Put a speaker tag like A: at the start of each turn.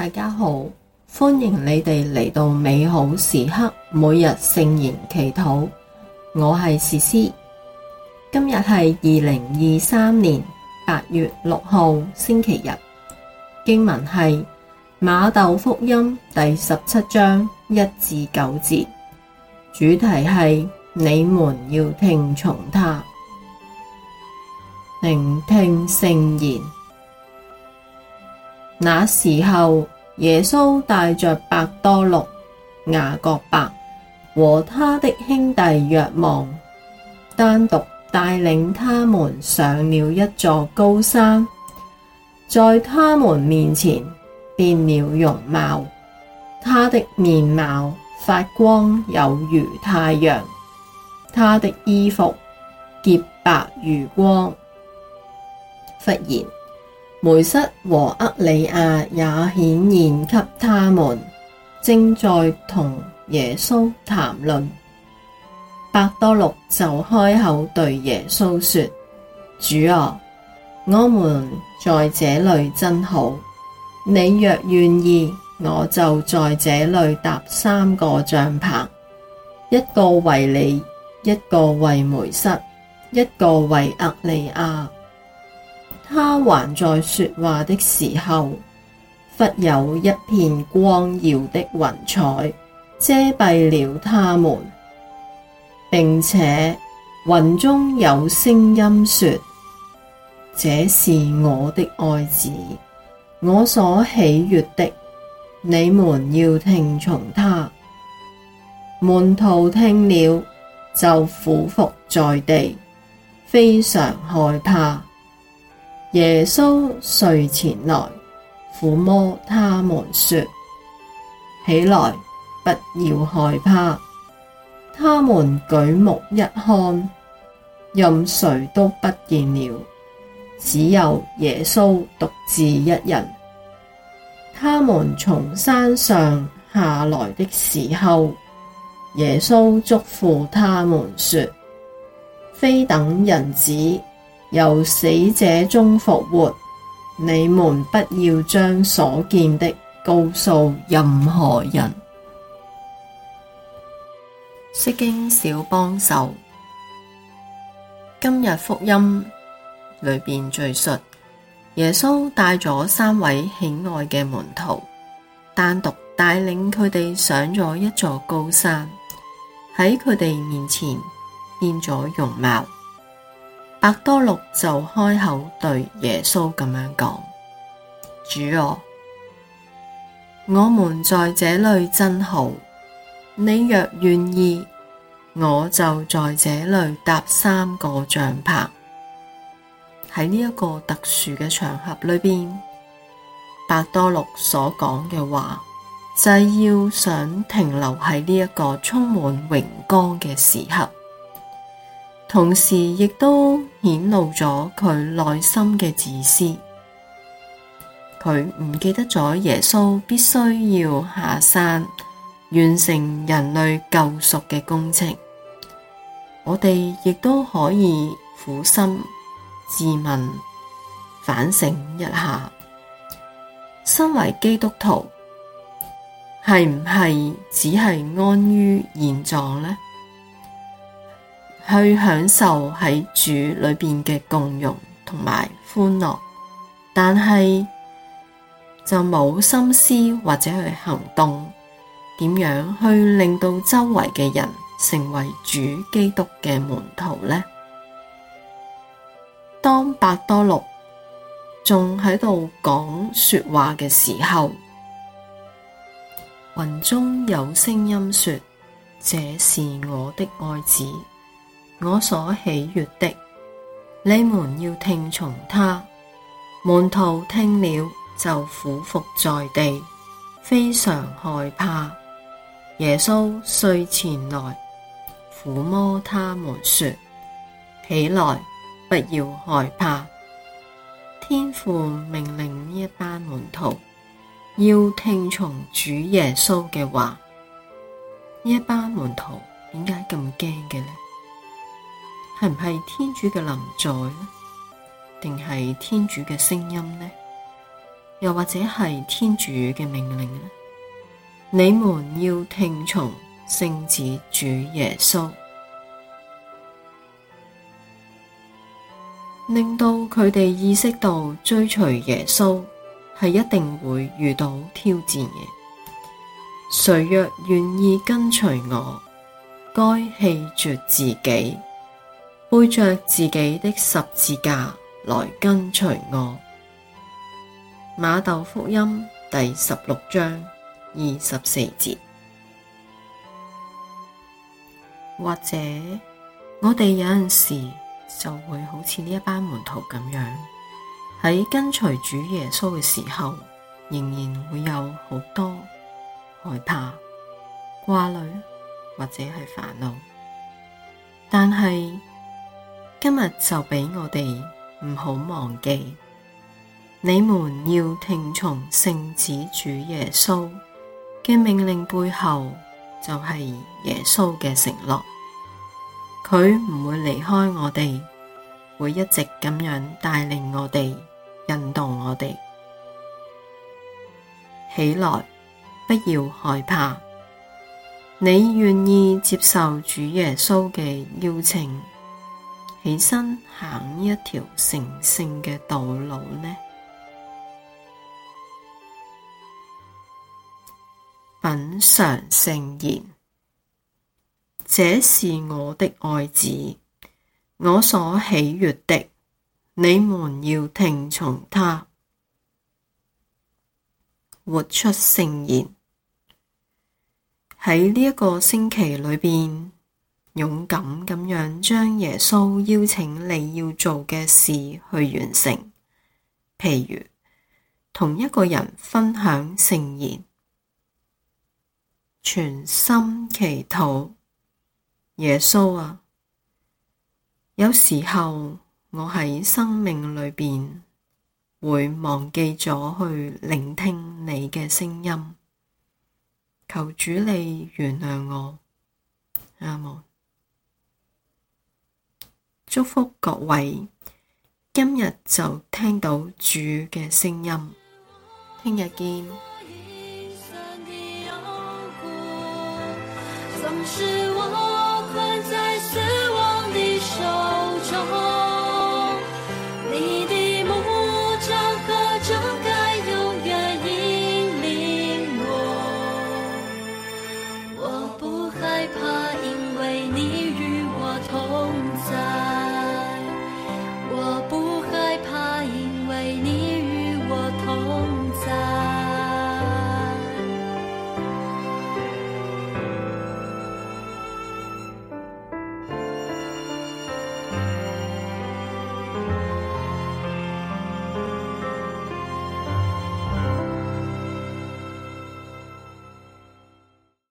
A: 大家好，歡迎你哋嚟到美好時刻每日聖言祈禱，我係詩詩。今日係二零二三年八月六號星期日，經文係馬竇福音第十七章一至九節，主題係你們要聽從他，聆聽聖言。那時候，耶穌帶着伯多祿、雅各伯和他的兄弟若望，單獨帶領他們上了一座高山，在他們面前變了容貌，他的面貌發光有如太陽，他的衣服潔白如光。忽然。梅瑟和厄里亞也顯現給他們，正在同耶穌談論。伯多祿就開口對耶穌說：主啊，我們在這裡真好。你若願意，我就在這裡搭三個帳棚，一個為你，一個為梅瑟，一個為厄里亞。他還在說話的時候，忽有一片光耀的雲彩遮蔽了他們，並且雲中有聲音說：“這是我的愛子，我所喜悅的，你們要聽從他。”門徒聽了就俯伏在地，非常害怕。耶穌遂前來，撫摩他們說：起來，不要害怕。他們舉目一看，任誰都不見了，只有耶穌獨自一人。他們從山上下來的時候，耶穌囑咐他們說：非等人子。由死者中復活，你們不要將所見的告訴任何人。釋經小幫手，今日福音裏面敘述，耶穌帶咗三位喜愛嘅門徒，單獨帶領佢哋上咗一座高山，喺佢哋面前變咗容貌。伯多祿就開口對耶穌咁樣講：主啊，我們在這裏真好，你若願意，我就在這裏搭三個帳棚。喺呢一個特殊嘅場合裏邊，伯多祿所講嘅話，就係、是、要想停留喺呢一個充滿榮光嘅時刻。同時，亦都顯露咗佢內心嘅自私。佢唔記得咗耶穌必須要下山完成人類救贖嘅工程。我哋亦都可以捫心自問、反省一下，身為基督徒係唔係只係安於現狀呢？去享受喺主裏邊嘅共融同埋歡樂，但係就冇心思或者去行動，點樣去令到周圍嘅人成為主基督嘅門徒呢？當伯多祿仲喺度講說話嘅時候，雲中有聲音說：「這是我的愛子。我所喜悅的，你們要聽從他。門徒聽了就俯伏在地，非常害怕。耶穌遂前來撫摩他們，說：起來，不要害怕。天父命令呢一班門徒要聽從主耶穌嘅話，呢一班門徒點解咁驚嘅呢？係唔係天主嘅臨在呢？定係天主嘅聲音呢？又或者係天主嘅命令呢？你們要聽從聖子主耶穌，令到佢哋意識到追隨耶穌係一定會遇到挑戰嘅。誰若願意跟隨我，該棄絕自己。背着自己的十字架來跟隨我。瑪竇福音第十六章二十四節，或者我哋有陣時就會好似呢一班門徒咁樣，喺跟隨主耶穌嘅時候，仍然會有好多害怕、掛慮或者係煩惱，但係。今日就畀我哋唔好忘記，你們要聽從聖子主耶穌嘅命令，背後就係耶穌嘅承諾，佢唔會離開我哋，會一直咁樣帶領我哋、引導我哋。起來，不要害怕。你願意接受主耶穌嘅邀請，起身行一條成聖嘅道路呢？品嘗聖言，這是我的愛子，我所喜悅的，你們要聽從他，活出聖言。喺呢一個星期裏邊。勇敢咁樣將耶穌邀請你要做嘅事去完成，譬如同一個人分享聖言，全心祈禱。耶穌啊，有時候我喺生命裏邊會忘記咗去聆聽你嘅聲音，求主你原諒我，阿門。祝福各位，今日就聽到主嘅聲音，聽日見。